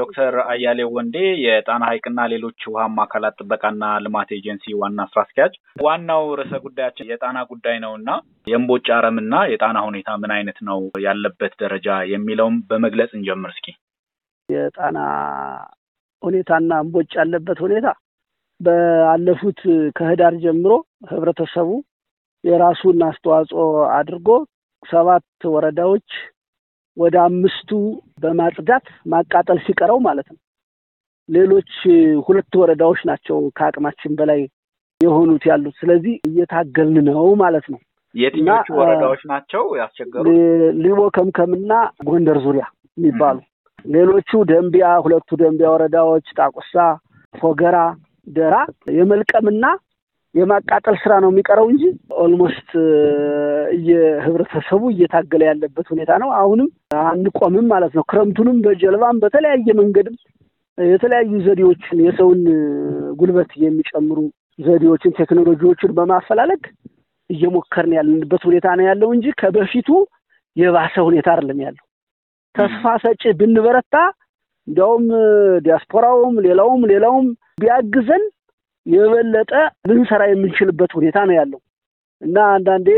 ዶክተር አያሌ ወንዴ የጣና ሐይቅና ሌሎች ውሃማ አካላት ጥበቃና ልማት ኤጀንሲ ዋና ስራ አስኪያጅ። ዋናው ርዕሰ ጉዳያችን የጣና ጉዳይ ነው እና የእምቦጭ አረምና የጣና ሁኔታ ምን አይነት ነው ያለበት ደረጃ የሚለውም በመግለጽ እንጀምር እስኪ። የጣና ሁኔታና እምቦጭ ያለበት ሁኔታ በአለፉት ከህዳር ጀምሮ ህብረተሰቡ የራሱን አስተዋጽኦ አድርጎ ሰባት ወረዳዎች ወደ አምስቱ በማጽዳት ማቃጠል ሲቀረው ማለት ነው። ሌሎች ሁለት ወረዳዎች ናቸው ከአቅማችን በላይ የሆኑት ያሉት። ስለዚህ እየታገልን ነው ማለት ነው። የትኞቹ ወረዳዎች ናቸው ያስቸገሩ? ሊቦ ከምከምና ጎንደር ዙሪያ የሚባሉ ሌሎቹ ደንቢያ፣ ሁለቱ ደንቢያ ወረዳዎች ጣቁሳ፣ ፎገራ፣ ደራ የመልቀምና የማቃጠል ስራ ነው የሚቀረው እንጂ ኦልሞስት የህብረተሰቡ እየታገለ ያለበት ሁኔታ ነው። አሁንም አንቆምም ማለት ነው። ክረምቱንም በጀልባም በተለያየ መንገድም የተለያዩ ዘዴዎችን የሰውን ጉልበት የሚጨምሩ ዘዴዎችን፣ ቴክኖሎጂዎችን በማፈላለግ እየሞከርን ያለንበት ሁኔታ ነው ያለው እንጂ ከበፊቱ የባሰ ሁኔታ አይደለም ያለው። ተስፋ ሰጪ ብንበረታ እንዲያውም ዲያስፖራውም ሌላውም ሌላውም ቢያግዘን የበለጠ ልንሰራ የምንችልበት ሁኔታ ነው ያለው እና አንዳንዴ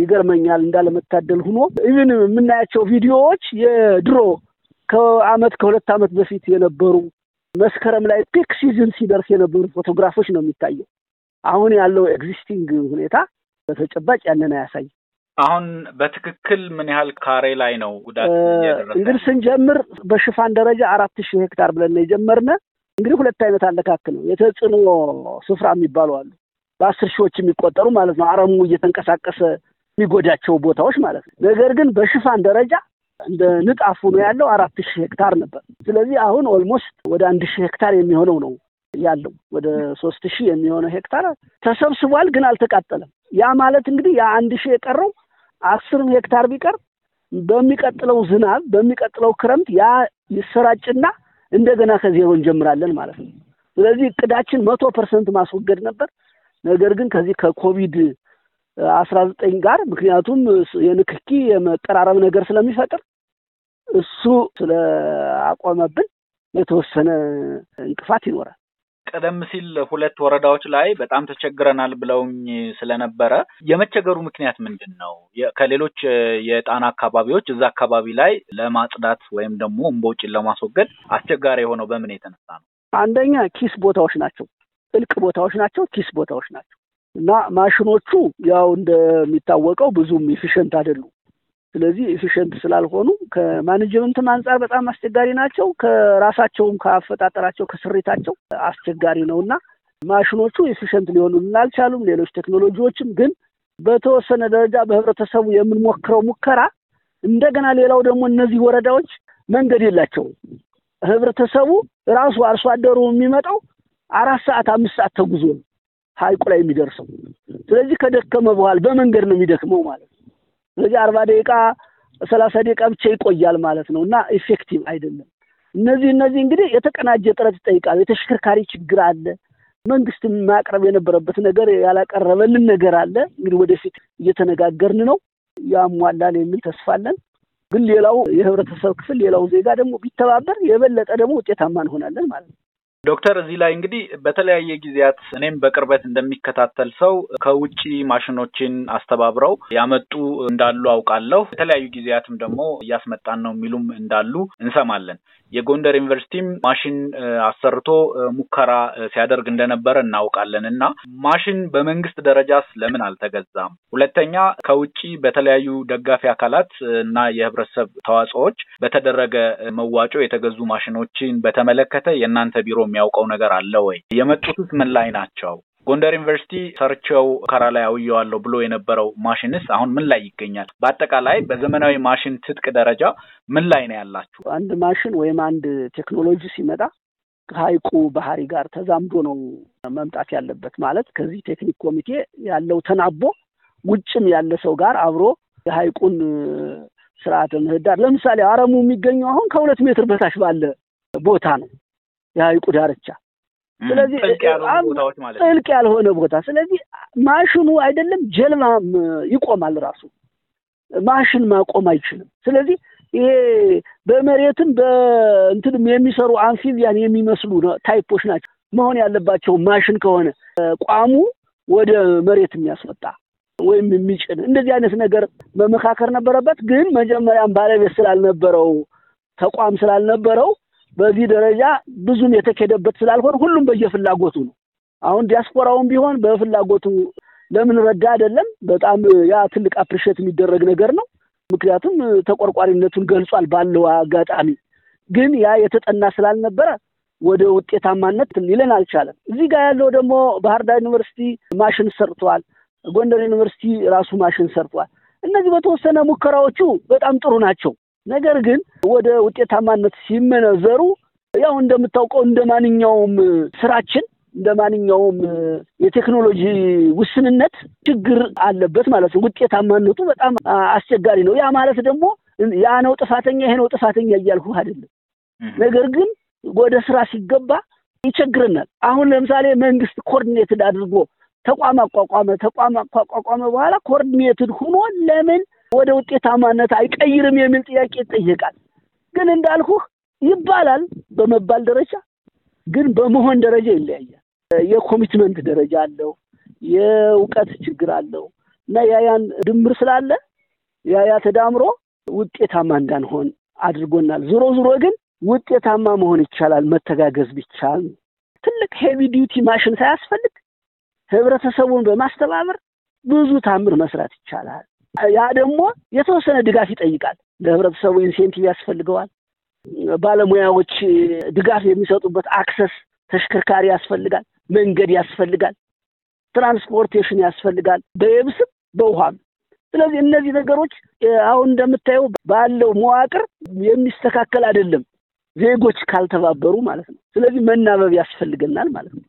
ይገርመኛል እንዳለመታደል ሁኖ ኢቭን የምናያቸው ቪዲዮዎች የድሮ ከአመት ከሁለት አመት በፊት የነበሩ መስከረም ላይ ፒክ ሲዝን ሲደርስ የነበሩ ፎቶግራፎች ነው የሚታየው። አሁን ያለው ኤግዚስቲንግ ሁኔታ በተጨባጭ ያንን አያሳይ። አሁን በትክክል ምን ያህል ካሬ ላይ ነው ጉዳት? እንግዲህ ስንጀምር በሽፋን ደረጃ አራት ሺህ ሄክታር ብለን ነው የጀመርነ እንግዲህ ሁለት አይነት አለካክ ነው። የተጽዕኖ ስፍራ የሚባሉ አሉ። በአስር ሺዎች የሚቆጠሩ ማለት ነው። አረሙ እየተንቀሳቀሰ የሚጎዳቸው ቦታዎች ማለት ነው። ነገር ግን በሽፋን ደረጃ እንደ ንጣፍ ሆኖ ያለው አራት ሺህ ሄክታር ነበር። ስለዚህ አሁን ኦልሞስት ወደ አንድ ሺህ ሄክታር የሚሆነው ነው ያለው። ወደ ሶስት ሺህ የሚሆነው ሄክታር ተሰብስቧል፣ ግን አልተቃጠለም። ያ ማለት እንግዲህ የአንድ ሺህ የቀረው አስርም ሄክታር ቢቀር በሚቀጥለው ዝናብ በሚቀጥለው ክረምት ያ ይሰራጭና እንደገና ከዜሮ እንጀምራለን ማለት ነው። ስለዚህ እቅዳችን መቶ ፐርሰንት ማስወገድ ነበር። ነገር ግን ከዚህ ከኮቪድ አስራ ዘጠኝ ጋር ምክንያቱም የንክኪ የመቀራረብ ነገር ስለሚፈጥር እሱ ስለአቆመብን የተወሰነ እንቅፋት ይኖራል። ቀደም ሲል ሁለት ወረዳዎች ላይ በጣም ተቸግረናል ብለውኝ ስለነበረ የመቸገሩ ምክንያት ምንድን ነው? ከሌሎች የጣና አካባቢዎች እዛ አካባቢ ላይ ለማጽዳት ወይም ደግሞ እምቦጭን ለማስወገድ አስቸጋሪ የሆነው በምን የተነሳ ነው? አንደኛ ኪስ ቦታዎች ናቸው፣ ጥልቅ ቦታዎች ናቸው፣ ኪስ ቦታዎች ናቸው እና ማሽኖቹ ያው እንደሚታወቀው ብዙም ኢፊሽንት አይደሉም። ስለዚህ ኤፊሽንት ስላልሆኑ ከማኔጅመንትም አንጻር በጣም አስቸጋሪ ናቸው። ከራሳቸውም ከአፈጣጠራቸው ከስሪታቸው አስቸጋሪ ነው እና ማሽኖቹ ኤፊሽንት ሊሆኑ አልቻሉም። ሌሎች ቴክኖሎጂዎችም ግን በተወሰነ ደረጃ በህብረተሰቡ የምንሞክረው ሙከራ እንደገና ሌላው ደግሞ እነዚህ ወረዳዎች መንገድ የላቸውም። ህብረተሰቡ ራሱ አርሶ አደሩ የሚመጣው አራት ሰዓት አምስት ሰዓት ተጉዞ ነው ሀይቁ ላይ የሚደርሰው። ስለዚህ ከደከመ በኋላ በመንገድ ነው የሚደክመው ማለት ነው። ስለዚህ አርባ ደቂቃ ሰላሳ ደቂቃ ብቻ ይቆያል ማለት ነው እና ኢፌክቲቭ አይደለም። እነዚህ እነዚህ እንግዲህ የተቀናጀ ጥረት ይጠይቃል። የተሽከርካሪ ችግር አለ። መንግስት ማቅረብ የነበረበት ነገር ያላቀረበልን ነገር አለ። እንግዲህ ወደፊት እየተነጋገርን ነው፣ ያሟላል የሚል ተስፋ አለን። ግን ሌላው የህብረተሰብ ክፍል ሌላው ዜጋ ደግሞ ቢተባበር የበለጠ ደግሞ ውጤታማ እንሆናለን ማለት ነው። ዶክተር እዚህ ላይ እንግዲህ በተለያየ ጊዜያት እኔም በቅርበት እንደሚከታተል ሰው ከውጭ ማሽኖችን አስተባብረው ያመጡ እንዳሉ አውቃለሁ። የተለያዩ ጊዜያትም ደግሞ እያስመጣን ነው የሚሉም እንዳሉ እንሰማለን። የጎንደር ዩኒቨርሲቲም ማሽን አሰርቶ ሙከራ ሲያደርግ እንደነበረ እናውቃለን እና ማሽን በመንግስት ደረጃስ ለምን አልተገዛም? ሁለተኛ ከውጭ በተለያዩ ደጋፊ አካላት እና የህብረተሰብ ተዋጽኦዎች በተደረገ መዋጮ የተገዙ ማሽኖችን በተመለከተ የእናንተ ቢሮ የሚያውቀው ነገር አለ ወይ? የመጡትስ ምን ላይ ናቸው? ጎንደር ዩኒቨርሲቲ ሰርቸው ከራ ላይ አውየዋለሁ ብሎ የነበረው ማሽንስ አሁን ምን ላይ ይገኛል? በአጠቃላይ በዘመናዊ ማሽን ትጥቅ ደረጃ ምን ላይ ነው ያላችሁ? አንድ ማሽን ወይም አንድ ቴክኖሎጂ ሲመጣ ከሀይቁ ባህሪ ጋር ተዛምዶ ነው መምጣት ያለበት። ማለት ከዚህ ቴክኒክ ኮሚቴ ያለው ተናቦ ውጭም ያለ ሰው ጋር አብሮ የሀይቁን ስርዓተ ምህዳር ለምሳሌ አረሙ የሚገኘው አሁን ከሁለት ሜትር በታች ባለ ቦታ ነው። የሀይቁ ዳርቻ ስለዚህ ጥልቅ ያልሆነ ቦታ ስለዚህ ማሽኑ አይደለም ጀልባ ይቆማል ራሱ ማሽን ማቆም አይችልም። ስለዚህ ይሄ በመሬትም በእንትንም የሚሰሩ አንፊቢያን የሚመስሉ ታይፖች ናቸው መሆን ያለባቸው። ማሽን ከሆነ ቋሙ ወደ መሬት የሚያስወጣ ወይም የሚጭን እንደዚህ አይነት ነገር መመካከር ነበረበት። ግን መጀመሪያም ባለቤት ስላልነበረው ተቋም ስላልነበረው በዚህ ደረጃ ብዙም የተኬደበት ስላልሆነ ሁሉም በየፍላጎቱ ነው። አሁን ዲያስፖራውም ቢሆን በፍላጎቱ ለምን ረዳ አይደለም። በጣም ያ ትልቅ አፕሪሼት የሚደረግ ነገር ነው። ምክንያቱም ተቆርቋሪነቱን ገልጿል ባለው አጋጣሚ። ግን ያ የተጠና ስላልነበረ ወደ ውጤታማነት ሊለን አልቻለም። እዚህ ጋር ያለው ደግሞ ባህር ዳር ዩኒቨርሲቲ ማሽን ሰርቷል። ጎንደር ዩኒቨርሲቲ ራሱ ማሽን ሰርቷል። እነዚህ በተወሰነ ሙከራዎቹ በጣም ጥሩ ናቸው። ነገር ግን ወደ ውጤታማነት ሲመነዘሩ ያው እንደምታውቀው እንደ ማንኛውም ስራችን እንደ ማንኛውም የቴክኖሎጂ ውስንነት ችግር አለበት ማለት ነው። ውጤታማነቱ በጣም አስቸጋሪ ነው። ያ ማለት ደግሞ ያ ነው ጥፋተኛ፣ ይሄ ነው ጥፋተኛ እያልኩ አይደለም። ነገር ግን ወደ ስራ ሲገባ ይቸግረናል። አሁን ለምሳሌ መንግስት ኮኦርዲኔትድ አድርጎ ተቋም አቋቋመ። ተቋም አቋቋመ በኋላ ኮኦርዲኔትድ ሆኖ ለምን ወደ ውጤታማነት አይቀይርም የሚል ጥያቄ ይጠየቃል። ግን እንዳልኩህ ይባላል በመባል ደረጃ ግን በመሆን ደረጃ ይለያያል። የኮሚትመንት ደረጃ አለው፣ የእውቀት ችግር አለው እና ያያን ድምር ስላለ ያያ ተዳምሮ ውጤታማ እንዳንሆን አድርጎናል። ዞሮ ዞሮ ግን ውጤታማ መሆን ይቻላል መተጋገዝ ብቻ። ትልቅ ሄቪ ዲዩቲ ማሽን ሳያስፈልግ ህብረተሰቡን በማስተባበር ብዙ ታምር መስራት ይቻላል። ያ ደግሞ የተወሰነ ድጋፍ ይጠይቃል። ለህብረተሰቡ ኢንሴንቲቭ ያስፈልገዋል። ባለሙያዎች ድጋፍ የሚሰጡበት አክሰስ፣ ተሽከርካሪ ያስፈልጋል፣ መንገድ ያስፈልጋል፣ ትራንስፖርቴሽን ያስፈልጋል፣ በየብስም በውሃም። ስለዚህ እነዚህ ነገሮች አሁን እንደምታየው ባለው መዋቅር የሚስተካከል አይደለም፣ ዜጎች ካልተባበሩ ማለት ነው። ስለዚህ መናበብ ያስፈልገናል ማለት ነው።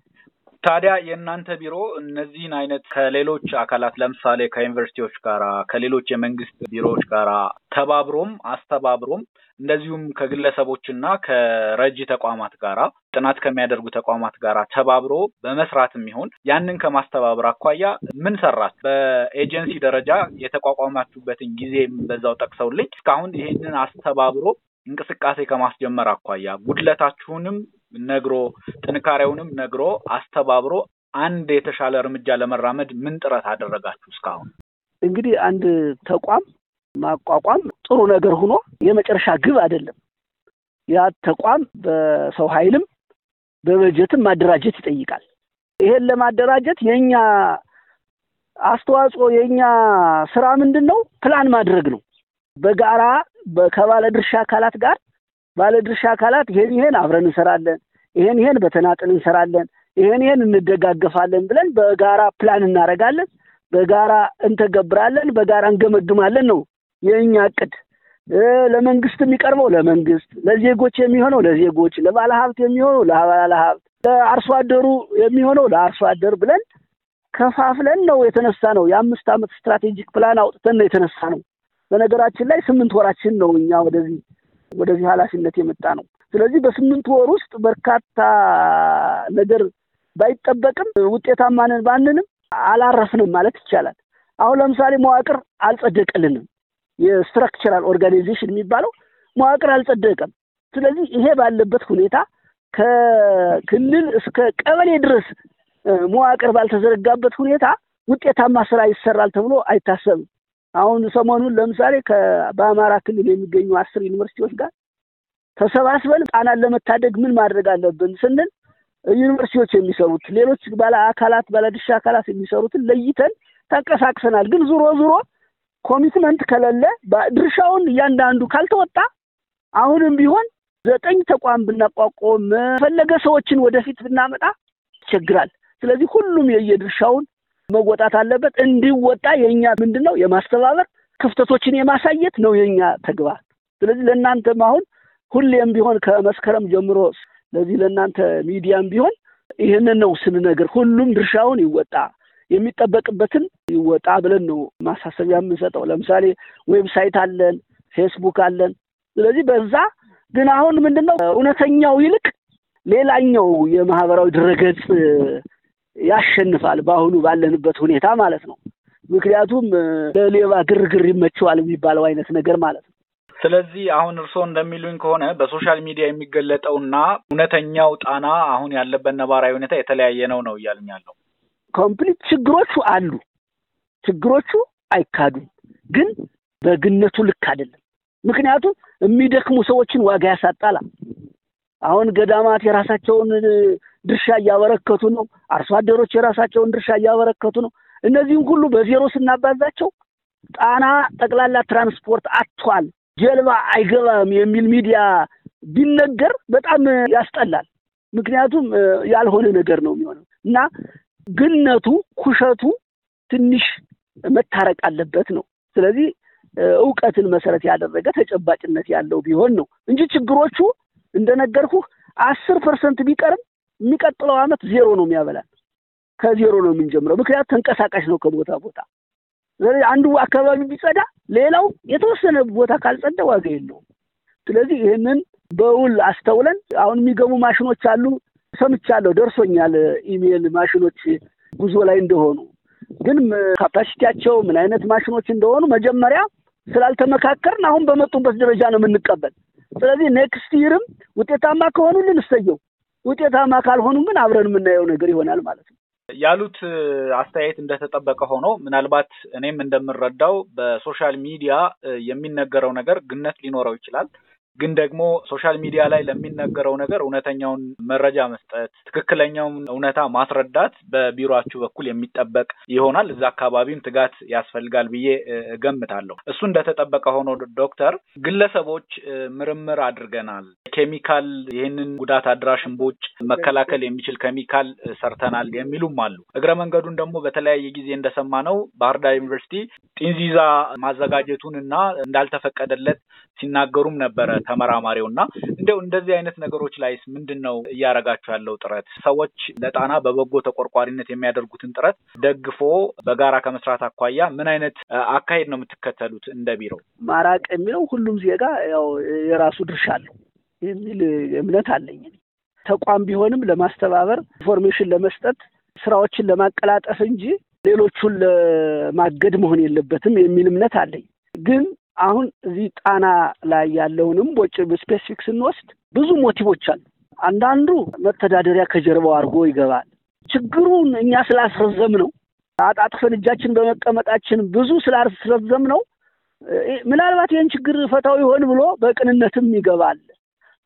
ታዲያ የእናንተ ቢሮ እነዚህን አይነት ከሌሎች አካላት ለምሳሌ ከዩኒቨርሲቲዎች ጋራ ከሌሎች የመንግስት ቢሮዎች ጋራ ተባብሮም አስተባብሮም እንደዚሁም ከግለሰቦችና ከረጂ ተቋማት ጋራ ጥናት ከሚያደርጉ ተቋማት ጋራ ተባብሮ በመስራት የሚሆን ያንን ከማስተባበር አኳያ ምን ሰራት በኤጀንሲ ደረጃ የተቋቋማችሁበትን ጊዜ በዛው ጠቅሰውልኝ እስካሁን ይህንን አስተባብሮ እንቅስቃሴ ከማስጀመር አኳያ ጉድለታችሁንም ነግሮ ጥንካሬውንም ነግሮ አስተባብሮ አንድ የተሻለ እርምጃ ለመራመድ ምን ጥረት አደረጋችሁ እስካሁን? እንግዲህ አንድ ተቋም ማቋቋም ጥሩ ነገር ሆኖ የመጨረሻ ግብ አይደለም። ያ ተቋም በሰው ኃይልም በበጀትም ማደራጀት ይጠይቃል። ይሄን ለማደራጀት የእኛ አስተዋጽኦ የእኛ ስራ ምንድን ነው? ፕላን ማድረግ ነው። በጋራ ከባለ ድርሻ አካላት ጋር ባለድርሻ አካላት ይሄን ይሄን አብረን እንሰራለን፣ ይሄን ይሄን በተናጥል እንሰራለን፣ ይሄን ይሄን እንደጋገፋለን ብለን በጋራ ፕላን እናደርጋለን፣ በጋራ እንተገብራለን፣ በጋራ እንገመግማለን ነው የእኛ እቅድ። ለመንግስት የሚቀርበው ለመንግስት፣ ለዜጎች የሚሆነው ለዜጎች፣ ለባለሀብት የሚሆነው ለባለሀብት፣ ለአርሶ አደሩ የሚሆነው ለአርሶ አደር ብለን ከፋፍለን ነው የተነሳ ነው። የአምስት ዓመት ስትራቴጂክ ፕላን አውጥተን ነው የተነሳ ነው። በነገራችን ላይ ስምንት ወራችን ነው እኛ ወደዚህ ወደዚህ ኃላፊነት የመጣ ነው። ስለዚህ በስምንት ወር ውስጥ በርካታ ነገር ባይጠበቅም ውጤታማ ነን ባንንም አላረፍንም ማለት ይቻላል። አሁን ለምሳሌ መዋቅር አልጸደቀልንም። የስትራክቸራል ኦርጋናይዜሽን የሚባለው መዋቅር አልጸደቀም። ስለዚህ ይሄ ባለበት ሁኔታ ከክልል እስከ ቀበሌ ድረስ መዋቅር ባልተዘረጋበት ሁኔታ ውጤታማ ስራ ይሰራል ተብሎ አይታሰብም። አሁን ሰሞኑን ለምሳሌ በአማራ ክልል የሚገኙ አስር ዩኒቨርሲቲዎች ጋር ተሰባስበን ጣናን ለመታደግ ምን ማድረግ አለብን ስንል ዩኒቨርሲቲዎች የሚሰሩት ሌሎች ባለ አካላት ባለድርሻ አካላት የሚሰሩትን ለይተን ተንቀሳቅሰናል። ግን ዙሮ ዙሮ ኮሚትመንት ከሌለ ድርሻውን እያንዳንዱ ካልተወጣ አሁንም ቢሆን ዘጠኝ ተቋም ብናቋቋም ፈለገ ሰዎችን ወደፊት ብናመጣ ይቸግራል። ስለዚህ ሁሉም የየድርሻውን መወጣት አለበት። እንዲወጣ የእኛ ምንድን ነው የማስተባበር ክፍተቶችን የማሳየት ነው የእኛ ተግባር። ስለዚህ ለእናንተም አሁን ሁሌም ቢሆን ከመስከረም ጀምሮ ለዚህ ለእናንተ ሚዲያም ቢሆን ይህንን ነው ስንነግር ሁሉም ድርሻውን ይወጣ የሚጠበቅበትን ይወጣ ብለን ነው ማሳሰቢያ የምንሰጠው። ለምሳሌ ዌብሳይት አለን፣ ፌስቡክ አለን። ስለዚህ በዛ ግን አሁን ምንድን ነው እውነተኛው ይልቅ ሌላኛው የማህበራዊ ድረገጽ ያሸንፋል፣ በአሁኑ ባለንበት ሁኔታ ማለት ነው። ምክንያቱም ለሌባ ግርግር ይመቸዋል የሚባለው አይነት ነገር ማለት ነው። ስለዚህ አሁን እርስዎ እንደሚሉኝ ከሆነ በሶሻል ሚዲያ የሚገለጠውና እውነተኛው ጣና አሁን ያለበት ነባራዊ ሁኔታ የተለያየ ነው ነው እያልኝ ያለው። ኮምፕሊት ችግሮቹ አሉ፣ ችግሮቹ አይካዱም፣ ግን በግነቱ ልክ አይደለም። ምክንያቱም የሚደክሙ ሰዎችን ዋጋ ያሳጣላል። አሁን ገዳማት የራሳቸውን ድርሻ እያበረከቱ ነው። አርሶ አደሮች የራሳቸውን ድርሻ እያበረከቱ ነው። እነዚህም ሁሉ በዜሮ ስናባዛቸው ጣና ጠቅላላ ትራንስፖርት አጥቷል፣ ጀልባ አይገባም የሚል ሚዲያ ቢነገር በጣም ያስጠላል። ምክንያቱም ያልሆነ ነገር ነው የሚሆነው እና ግነቱ ኩሸቱ ትንሽ መታረቅ አለበት ነው። ስለዚህ እውቀትን መሰረት ያደረገ ተጨባጭነት ያለው ቢሆን ነው እንጂ ችግሮቹ እንደነገርኩህ አስር ፐርሰንት ቢቀርም የሚቀጥለው አመት ዜሮ ነው የሚያበላ ከዜሮ ነው የምንጀምረው፣ ምክንያቱ ተንቀሳቃሽ ነው ከቦታ ቦታ። ስለዚህ አንዱ አካባቢ ቢጸዳ ሌላው የተወሰነ ቦታ ካልጸዳ ዋጋ የለውም። ስለዚህ ይህንን በውል አስተውለን አሁን የሚገቡ ማሽኖች አሉ፣ ሰምቻለሁ፣ ደርሶኛል ኢሜይል ማሽኖች ጉዞ ላይ እንደሆኑ ግን ካፓሲቲያቸው ምን አይነት ማሽኖች እንደሆኑ መጀመሪያ ስላልተመካከርን አሁን በመጡበት ደረጃ ነው የምንቀበል። ስለዚህ ኔክስት ይርም ውጤታማ ከሆኑልን እሰየው፣ ውጤታማ ካልሆኑ ግን አብረን የምናየው ነገር ይሆናል ማለት ነው። ያሉት አስተያየት እንደተጠበቀ ሆኖ ምናልባት እኔም እንደምረዳው በሶሻል ሚዲያ የሚነገረው ነገር ግነት ሊኖረው ይችላል። ግን ደግሞ ሶሻል ሚዲያ ላይ ለሚነገረው ነገር እውነተኛውን መረጃ መስጠት፣ ትክክለኛውን እውነታ ማስረዳት በቢሮችሁ በኩል የሚጠበቅ ይሆናል። እዛ አካባቢም ትጋት ያስፈልጋል ብዬ እገምታለሁ። እሱ እንደተጠበቀ ሆኖ ዶክተር፣ ግለሰቦች ምርምር አድርገናል፣ ኬሚካል ይህንን ጉዳት አድራሽ እምቦጭ መከላከል የሚችል ኬሚካል ሰርተናል የሚሉም አሉ። እግረ መንገዱን ደግሞ በተለያየ ጊዜ እንደሰማነው ባህር ዳር ዩኒቨርሲቲ ጢንዚዛ ማዘጋጀቱን እና እንዳልተፈቀደለት ሲናገሩም ነበረ። ተመራማሪው እና እንደው እንደዚህ አይነት ነገሮች ላይስ ምንድን ነው እያደረጋችሁ ያለው ጥረት? ሰዎች ለጣና በበጎ ተቆርቋሪነት የሚያደርጉትን ጥረት ደግፎ በጋራ ከመስራት አኳያ ምን አይነት አካሄድ ነው የምትከተሉት? እንደ ቢሮ ማራቅ የሚለው ሁሉም ዜጋ ያው የራሱ ድርሻ አለው የሚል እምነት አለኝ። ተቋም ቢሆንም ለማስተባበር ኢንፎርሜሽን ለመስጠት ስራዎችን ለማቀላጠፍ እንጂ ሌሎቹን ለማገድ መሆን የለበትም የሚል እምነት አለኝ። ግን አሁን እዚህ ጣና ላይ ያለውንም ቦጭ ስፔሲፊክ ስንወስድ ብዙ ሞቲቮች አሉ። አንዳንዱ መተዳደሪያ ከጀርባው አድርጎ ይገባል። ችግሩን እኛ ስላስረዘም ነው አጣጥፈን እጃችን በመቀመጣችን ብዙ ስላስረዘም ነው። ምናልባት ይህን ችግር ፈታው ይሆን ብሎ በቅንነትም ይገባል።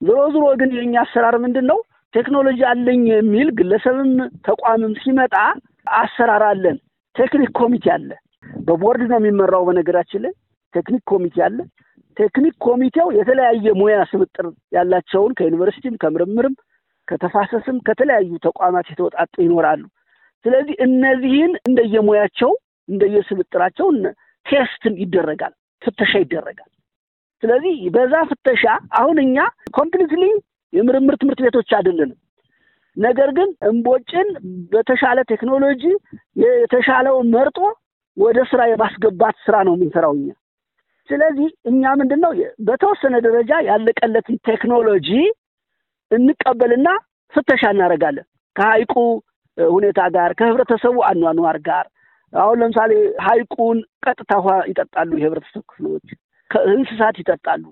ዞሮ ዞሮ ግን የእኛ አሰራር ምንድን ነው? ቴክኖሎጂ አለኝ የሚል ግለሰብም ተቋምም ሲመጣ አሰራር አለን። ቴክኒክ ኮሚቴ አለ። በቦርድ ነው የሚመራው። በነገራችን ላይ ቴክኒክ ኮሚቴ አለ። ቴክኒክ ኮሚቴው የተለያየ ሙያ ስብጥር ያላቸውን ከዩኒቨርሲቲም ከምርምርም ከተፋሰስም ከተለያዩ ተቋማት የተወጣጡ ይኖራሉ። ስለዚህ እነዚህን እንደየሙያቸው እንደየስብጥራቸው ቴስትም ይደረጋል፣ ፍተሻ ይደረጋል። ስለዚህ በዛ ፍተሻ አሁን እኛ ኮምፕሊትሊ የምርምር ትምህርት ቤቶች አይደለንም። ነገር ግን እምቦጭን በተሻለ ቴክኖሎጂ የተሻለው መርጦ ወደ ስራ የማስገባት ስራ ነው የምንሰራው እኛ። ስለዚህ እኛ ምንድን ነው በተወሰነ ደረጃ ያለቀለትን ቴክኖሎጂ እንቀበልና ፍተሻ እናደርጋለን ከሀይቁ ሁኔታ ጋር ከህብረተሰቡ አኗኗር ጋር አሁን ለምሳሌ ሀይቁን ቀጥታ ውሃ ይጠጣሉ የህብረተሰብ ክፍሎች፣ እንስሳት ይጠጣሉ።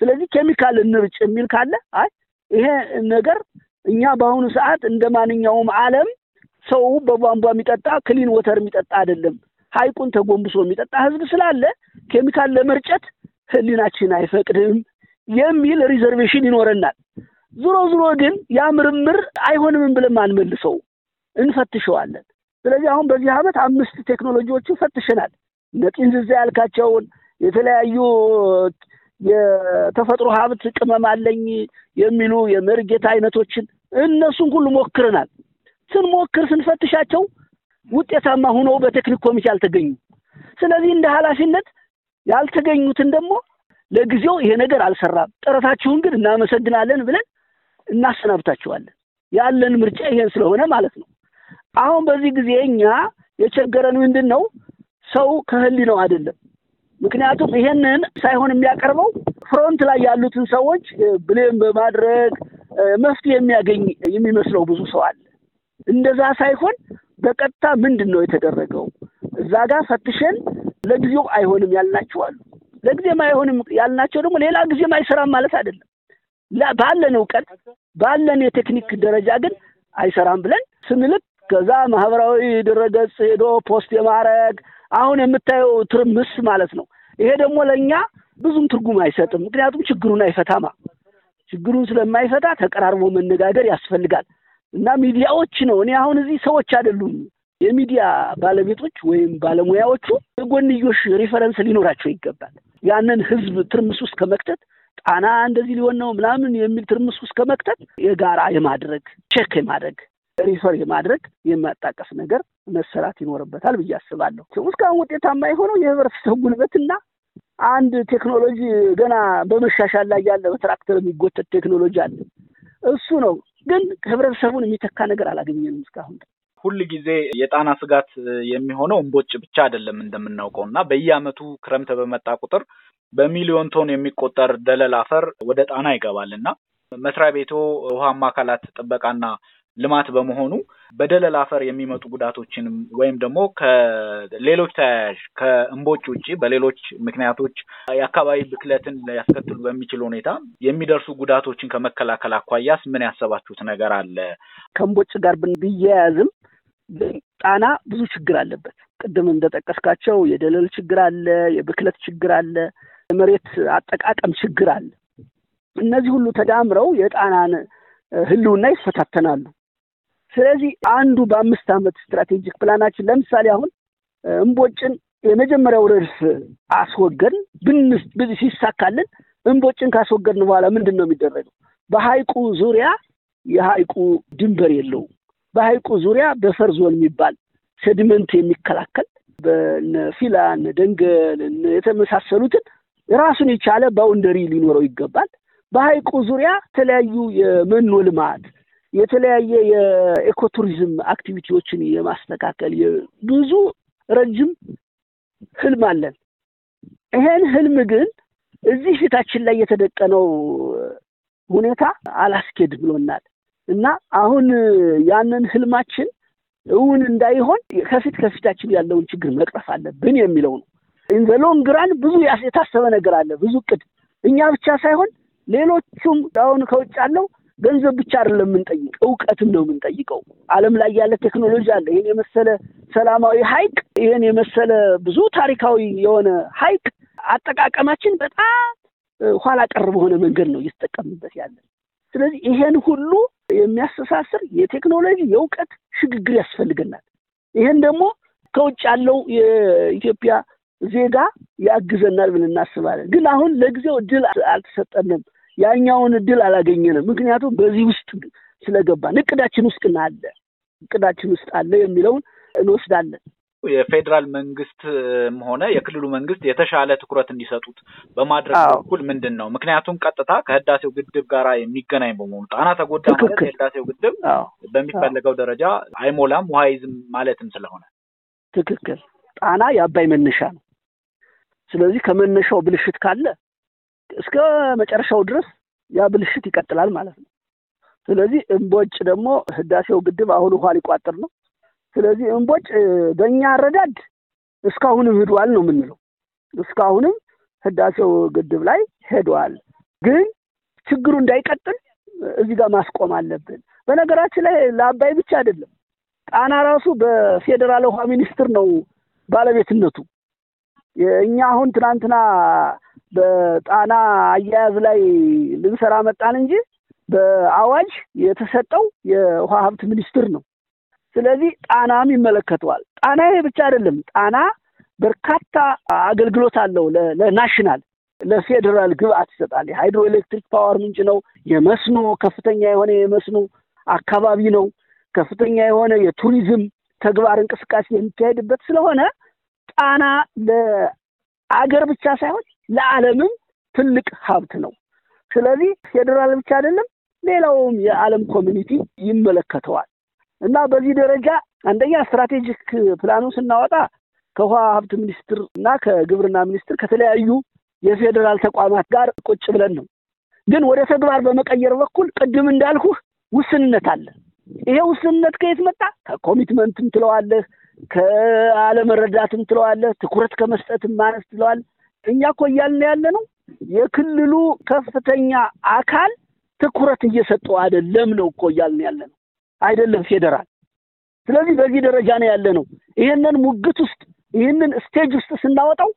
ስለዚህ ኬሚካል እንርጭ የሚል ካለ አይ ይሄ ነገር እኛ በአሁኑ ሰዓት እንደ ማንኛውም አለም ሰው በቧንቧ የሚጠጣ ክሊን ወተር የሚጠጣ አይደለም። ሐይቁን ተጎንብሶ የሚጠጣ ህዝብ ስላለ ኬሚካል ለመርጨት ህሊናችን አይፈቅድም የሚል ሪዘርቬሽን ይኖረናል። ዝሮ ዝሮ ግን ያ ምርምር አይሆንምም ብለን አንመልሰው፣ እንፈትሸዋለን። ስለዚህ አሁን በዚህ ዓመት አምስት ቴክኖሎጂዎችን ፈትሸናል። ነጢንዝዛ ያልካቸውን የተለያዩ የተፈጥሮ ሀብት ቅመም አለኝ የሚሉ የመርጌታ አይነቶችን እነሱን ሁሉ ሞክረናል። ስንሞክር ስንፈትሻቸው ውጤታማ ሆነው በቴክኒክ ኮሚቴ አልተገኙ። ስለዚህ እንደ ኃላፊነት ያልተገኙትን ደግሞ ለጊዜው ይሄ ነገር አልሰራም፣ ጥረታችሁን ግን እናመሰግናለን ብለን እናሰናብታችኋለን። ያለን ምርጫ ይሄን ስለሆነ ማለት ነው። አሁን በዚህ ጊዜ እኛ የቸገረን ምንድን ነው? ሰው ነው አይደለም። ምክንያቱም ይሄንን ሳይሆን የሚያቀርበው ፍሮንት ላይ ያሉትን ሰዎች ብሌም በማድረግ መፍትሄ የሚያገኝ የሚመስለው ብዙ ሰው አለ። እንደዛ ሳይሆን በቀጥታ ምንድን ነው የተደረገው? እዛ ጋር ፈትሸን ለጊዜው አይሆንም ያልናቸው አሉ። ለጊዜም አይሆንም ያልናቸው ደግሞ ሌላ ጊዜም አይሰራም ማለት አይደለም። ባለን እውቀት ባለን የቴክኒክ ደረጃ ግን አይሰራም ብለን ስንልክ ከዛ ማህበራዊ ድረገጽ ሄዶ ፖስት የማድረግ አሁን የምታየው ትርምስ ማለት ነው። ይሄ ደግሞ ለእኛ ብዙም ትርጉም አይሰጥም። ምክንያቱም ችግሩን አይፈታማ። ችግሩን ስለማይፈታ ተቀራርቦ መነጋገር ያስፈልጋል። እና ሚዲያዎች ነው። እኔ አሁን እዚህ ሰዎች አይደሉም። የሚዲያ ባለቤቶች ወይም ባለሙያዎቹ የጎንዮሽ ሪፈረንስ ሊኖራቸው ይገባል። ያንን ህዝብ ትርምስ ውስጥ ከመክተት ጣና እንደዚህ ሊሆን ነው ምናምን የሚል ትርምስ ውስጥ ከመክተት የጋራ የማድረግ ቼክ የማድረግ ሪፈር የማድረግ የማጣቀስ ነገር መሰራት ይኖርበታል ብዬ አስባለሁ። እስካሁን ውጤታማ የሆነው የህብረተሰብ ጉልበትና አንድ ቴክኖሎጂ ገና በመሻሻል ላይ ያለ በትራክተር የሚጎተት ቴክኖሎጂ አለ። እሱ ነው ግን ህብረተሰቡን የሚተካ ነገር አላገኘንም እስካሁን። ሁል ጊዜ የጣና ስጋት የሚሆነው እንቦጭ ብቻ አይደለም እንደምናውቀው እና በየአመቱ ክረምት በመጣ ቁጥር በሚሊዮን ቶን የሚቆጠር ደለል አፈር ወደ ጣና ይገባል እና መስሪያ ቤቶ ውሃማ አካላት ጥበቃና ልማት በመሆኑ በደለል አፈር የሚመጡ ጉዳቶችን ወይም ደግሞ ከሌሎች ተያያዥ ከእምቦጭ ውጭ በሌሎች ምክንያቶች የአካባቢ ብክለትን ሊያስከትሉ በሚችል ሁኔታ የሚደርሱ ጉዳቶችን ከመከላከል አኳያስ ምን ያሰባችሁት ነገር አለ? ከእንቦጭ ጋር ብያያዝም ጣና ብዙ ችግር አለበት። ቅድም እንደጠቀስካቸው የደለል ችግር አለ፣ የብክለት ችግር አለ፣ የመሬት አጠቃቀም ችግር አለ። እነዚህ ሁሉ ተዳምረው የጣናን ሕልውና ይፈታተናሉ። ስለዚህ አንዱ በአምስት ዓመት ስትራቴጂክ ፕላናችን ለምሳሌ አሁን እምቦጭን የመጀመሪያው ርዕስ አስወገድን ብን ሲሳካልን እምቦጭን ካስወገድን በኋላ ምንድን ነው የሚደረገው? በሐይቁ ዙሪያ የሐይቁ ድንበር የለው በሐይቁ ዙሪያ በፈር ዞን የሚባል ሴዲመንት የሚከላከል በፊላ ደንገል የተመሳሰሉትን ራሱን የቻለ ባውንደሪ ሊኖረው ይገባል። በሐይቁ ዙሪያ የተለያዩ የመኖ ልማት የተለያየ የኤኮቱሪዝም አክቲቪቲዎችን የማስተካከል ብዙ ረጅም ህልም አለን። ይሄን ህልም ግን እዚህ ፊታችን ላይ የተደቀነው ሁኔታ አላስኬድ ብሎናል እና አሁን ያንን ህልማችን እውን እንዳይሆን ከፊት ከፊታችን ያለውን ችግር መቅረፍ አለብን የሚለው ነው። ኢንዘ ሎንግ ራን ብዙ የታሰበ ነገር አለ፣ ብዙ እቅድ እኛ ብቻ ሳይሆን ሌሎቹም አሁን ከውጭ አለው ገንዘብ ብቻ አይደለም የምንጠይቅ፣ እውቀትም ነው የምንጠይቀው። ዓለም ላይ ያለ ቴክኖሎጂ አለ። ይህን የመሰለ ሰላማዊ ሀይቅ ይህን የመሰለ ብዙ ታሪካዊ የሆነ ሀይቅ አጠቃቀማችን በጣም ኋላ ቀር በሆነ መንገድ ነው እየተጠቀምበት ያለ። ስለዚህ ይሄን ሁሉ የሚያስተሳስር የቴክኖሎጂ የእውቀት ሽግግር ያስፈልገናል። ይሄን ደግሞ ከውጭ ያለው የኢትዮጵያ ዜጋ ያግዘናል ብለን እናስባለን። ግን አሁን ለጊዜው እድል አልተሰጠንም። ያኛውን እድል አላገኘንም። ምክንያቱም በዚህ ውስጥ ስለገባን እቅዳችን ውስጥ አለ እቅዳችን ውስጥ አለ የሚለውን እንወስዳለን። የፌዴራል መንግስትም ሆነ የክልሉ መንግስት የተሻለ ትኩረት እንዲሰጡት በማድረግ በኩል ምንድን ነው? ምክንያቱም ቀጥታ ከህዳሴው ግድብ ጋር የሚገናኝ በመሆኑ ጣና ተጎዳ ማለት የህዳሴው ግድብ በሚፈለገው ደረጃ አይሞላም፣ ውሃ ይዝም ማለትም ስለሆነ ትክክል። ጣና የአባይ መነሻ ነው። ስለዚህ ከመነሻው ብልሽት ካለ እስከ መጨረሻው ድረስ ያ ብልሽት ይቀጥላል ማለት ነው። ስለዚህ እምቦጭ ደግሞ ህዳሴው ግድብ አሁን ውሃ ሊቋጥር ነው። ስለዚህ እምቦጭ በእኛ አረዳድ እስካሁንም ሂዷል ነው የምንለው። እስካሁንም ህዳሴው ግድብ ላይ ሄዷል። ግን ችግሩ እንዳይቀጥል እዚህ ጋር ማስቆም አለብን። በነገራችን ላይ ለአባይ ብቻ አይደለም፣ ጣና ራሱ በፌዴራል ውሃ ሚኒስቴር ነው ባለቤትነቱ። እኛ አሁን ትናንትና በጣና አያያዝ ላይ ልንሰራ መጣን እንጂ በአዋጅ የተሰጠው የውሃ ሀብት ሚኒስትር ነው። ስለዚህ ጣናም ይመለከተዋል። ጣና ይሄ ብቻ አይደለም። ጣና በርካታ አገልግሎት አለው። ለናሽናል ለፌዴራል ግብአት ይሰጣል። የሃይድሮ ኤሌክትሪክ ፓወር ምንጭ ነው። የመስኖ ከፍተኛ የሆነ የመስኖ አካባቢ ነው። ከፍተኛ የሆነ የቱሪዝም ተግባር እንቅስቃሴ የሚካሄድበት ስለሆነ ጣና ለአገር ብቻ ሳይሆን ለዓለምም ትልቅ ሀብት ነው። ስለዚህ ፌዴራል ብቻ አይደለም፣ ሌላውም የዓለም ኮሚኒቲ ይመለከተዋል እና በዚህ ደረጃ አንደኛ ስትራቴጂክ ፕላኑ ስናወጣ ከውሃ ሀብት ሚኒስትር እና ከግብርና ሚኒስትር ከተለያዩ የፌዴራል ተቋማት ጋር ቁጭ ብለን ነው። ግን ወደ ተግባር በመቀየር በኩል ቅድም እንዳልኩህ ውስንነት አለ። ይሄ ውስንነት ከየት መጣ? ከኮሚትመንትም ትለዋለህ፣ ከአለመረዳትም ትለዋለህ፣ ትኩረት ከመስጠትም ማነስ ትለዋለህ። እኛ እኮ እያልን ያለ ነው የክልሉ ከፍተኛ አካል ትኩረት እየሰጠው አይደለም ነው እኮ እያልን ያለ ነው አይደለም ፌዴራል። ስለዚህ በዚህ ደረጃ ነው ያለ ነው። ይህንን ሙግት ውስጥ ይህንን ስቴጅ ውስጥ ስናወጣው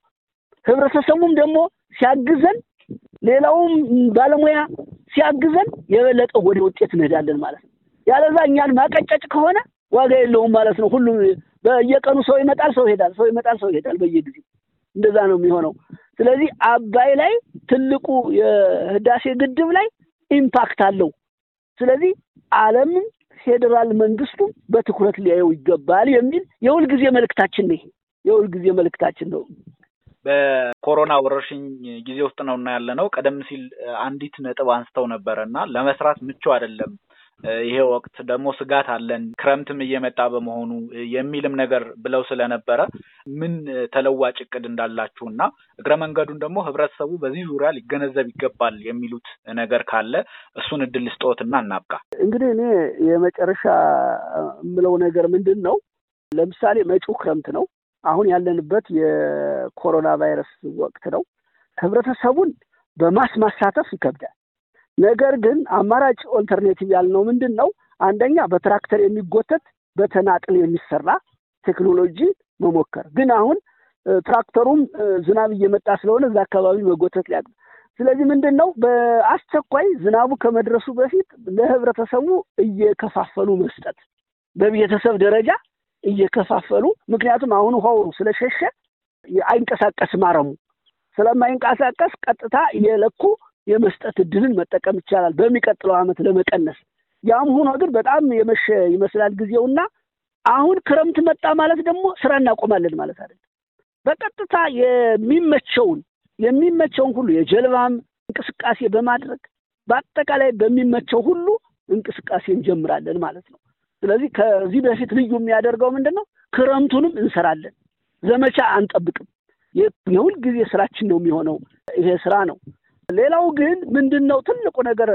ህብረተሰቡም ደግሞ ሲያግዘን፣ ሌላውም ባለሙያ ሲያግዘን የበለጠ ወደ ውጤት እንሄዳለን ማለት ነው። ያለዛ እኛን ማቀጨጭ ከሆነ ዋጋ የለውም ማለት ነው። ሁሉም በየቀኑ ሰው ይመጣል፣ ሰው ይሄዳል፣ ሰው ይመጣል፣ ሰው ይሄዳል። በየጊዜ እንደዛ ነው የሚሆነው። ስለዚህ አባይ ላይ ትልቁ የህዳሴ ግድብ ላይ ኢምፓክት አለው። ስለዚህ ዓለምም ፌዴራል መንግስቱ በትኩረት ሊያየው ይገባል የሚል የሁልጊዜ መልእክታችን ነው። የሁልጊዜ መልእክታችን ነው። በኮሮና ወረርሽኝ ጊዜ ውስጥ ነው እና ያለ ነው። ቀደም ሲል አንዲት ነጥብ አንስተው ነበረ እና ለመስራት ምቹ አይደለም ይሄ ወቅት ደግሞ ስጋት አለን ክረምትም እየመጣ በመሆኑ የሚልም ነገር ብለው ስለነበረ ምን ተለዋጭ እቅድ እንዳላችሁ እና እግረ መንገዱን ደግሞ ህብረተሰቡ በዚህ ዙሪያ ሊገነዘብ ይገባል የሚሉት ነገር ካለ እሱን እድል ልስጥዎትና እናብቃ። እንግዲህ እኔ የመጨረሻ የምለው ነገር ምንድን ነው፣ ለምሳሌ መጪው ክረምት ነው። አሁን ያለንበት የኮሮና ቫይረስ ወቅት ነው። ህብረተሰቡን በማስ ማሳተፍ ይከብዳል። ነገር ግን አማራጭ ኦልተርኔቲቭ ያልነው ምንድን ነው? አንደኛ በትራክተር የሚጎተት በተናጥል የሚሰራ ቴክኖሎጂ መሞከር። ግን አሁን ትራክተሩም ዝናብ እየመጣ ስለሆነ እዛ አካባቢ መጎተት ሊያ ስለዚህ ምንድን ነው በአስቸኳይ ዝናቡ ከመድረሱ በፊት ለህብረተሰቡ እየከፋፈሉ መስጠት በቤተሰብ ደረጃ እየከፋፈሉ ምክንያቱም አሁን ውሃው ስለሸሸ አይንቀሳቀስም አረሙ ስለማይንቀሳቀስ ቀጥታ እየለኩ የመስጠት እድልን መጠቀም ይቻላል፣ በሚቀጥለው ዓመት ለመቀነስ። ያም ሆኖ ግን በጣም የመሸ ይመስላል ጊዜውና አሁን ክረምት መጣ ማለት ደግሞ ስራ እናቆማለን ማለት አይደለም። በቀጥታ የሚመቸውን የሚመቸውን ሁሉ የጀልባም እንቅስቃሴ በማድረግ በአጠቃላይ በሚመቸው ሁሉ እንቅስቃሴ እንጀምራለን ማለት ነው። ስለዚህ ከዚህ በፊት ልዩ የሚያደርገው ምንድን ነው? ክረምቱንም እንሰራለን፣ ዘመቻ አንጠብቅም። የሁልጊዜ ስራችን ነው የሚሆነው። ይሄ ስራ ነው ሌላው ግን ምንድን ነው ትልቁ ነገር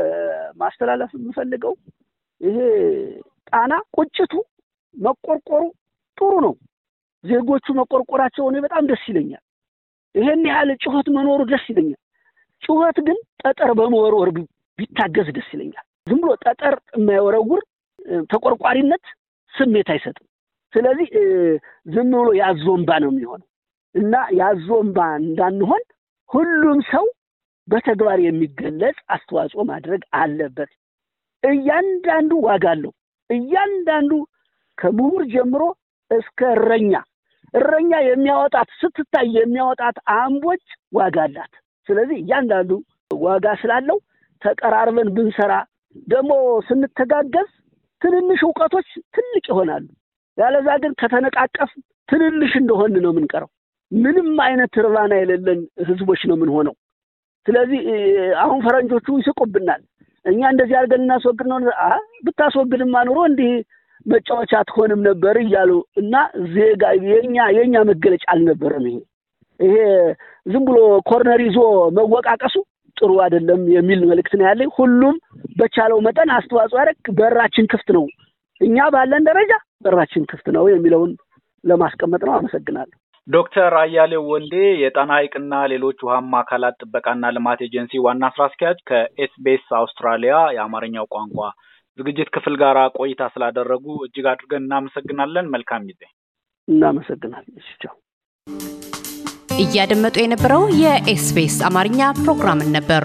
ማስተላለፍ የምፈልገው ይሄ ጣና ቁጭቱ መቆርቆሩ ጥሩ ነው። ዜጎቹ መቆርቆራቸው እኔ በጣም ደስ ይለኛል። ይሄን ያህል ጩኸት መኖሩ ደስ ይለኛል። ጩኸት ግን ጠጠር በመወርወር ቢታገዝ ደስ ይለኛል። ዝም ብሎ ጠጠር የማይወረውር ተቆርቋሪነት ስሜት አይሰጥም። ስለዚህ ዝም ብሎ ያዞ ነው የሚሆነው እና ያዞ እንዳንሆን ሁሉም ሰው በተግባር የሚገለጽ አስተዋጽኦ ማድረግ አለበት። እያንዳንዱ ዋጋ አለው። እያንዳንዱ ከምሁር ጀምሮ እስከ እረኛ እረኛ የሚያወጣት ስትታይ የሚያወጣት አምቦች ዋጋ አላት። ስለዚህ እያንዳንዱ ዋጋ ስላለው ተቀራርበን ብንሰራ ደግሞ ስንተጋገዝ ትንንሽ እውቀቶች ትልቅ ይሆናሉ። ያለዛ ግን ከተነቃቀፍ ትንንሽ እንደሆን ነው የምንቀረው። ምንም አይነት ርባና የሌለን ህዝቦች ነው የምንሆነው። ስለዚህ አሁን ፈረንጆቹ ይስቁብናል። እኛ እንደዚህ አድርገን እናስወግድ ነው። ብታስወግድማ ኑሮ እንዲህ መጫወቻ አትሆንም ነበር እያሉ እና ዜጋ የኛ የእኛ መገለጫ አልነበረም። ይሄ ይሄ ዝም ብሎ ኮርነር ይዞ መወቃቀሱ ጥሩ አይደለም የሚል መልእክት ነው ያለኝ። ሁሉም በቻለው መጠን አስተዋጽኦ ያደረግ በራችን ክፍት ነው፣ እኛ ባለን ደረጃ በራችን ክፍት ነው የሚለውን ለማስቀመጥ ነው። አመሰግናለሁ። ዶክተር አያሌው ወልዴ የጣና ሐይቅና ሌሎች ውሃማ አካላት ጥበቃና ልማት ኤጀንሲ ዋና ስራ አስኪያጅ ከኤስቤስ አውስትራሊያ የአማርኛው ቋንቋ ዝግጅት ክፍል ጋር ቆይታ ስላደረጉ እጅግ አድርገን እናመሰግናለን። መልካም ጊዜ። እናመሰግናለን። እያደመጡ የነበረው የኤስቤስ አማርኛ ፕሮግራምን ነበር።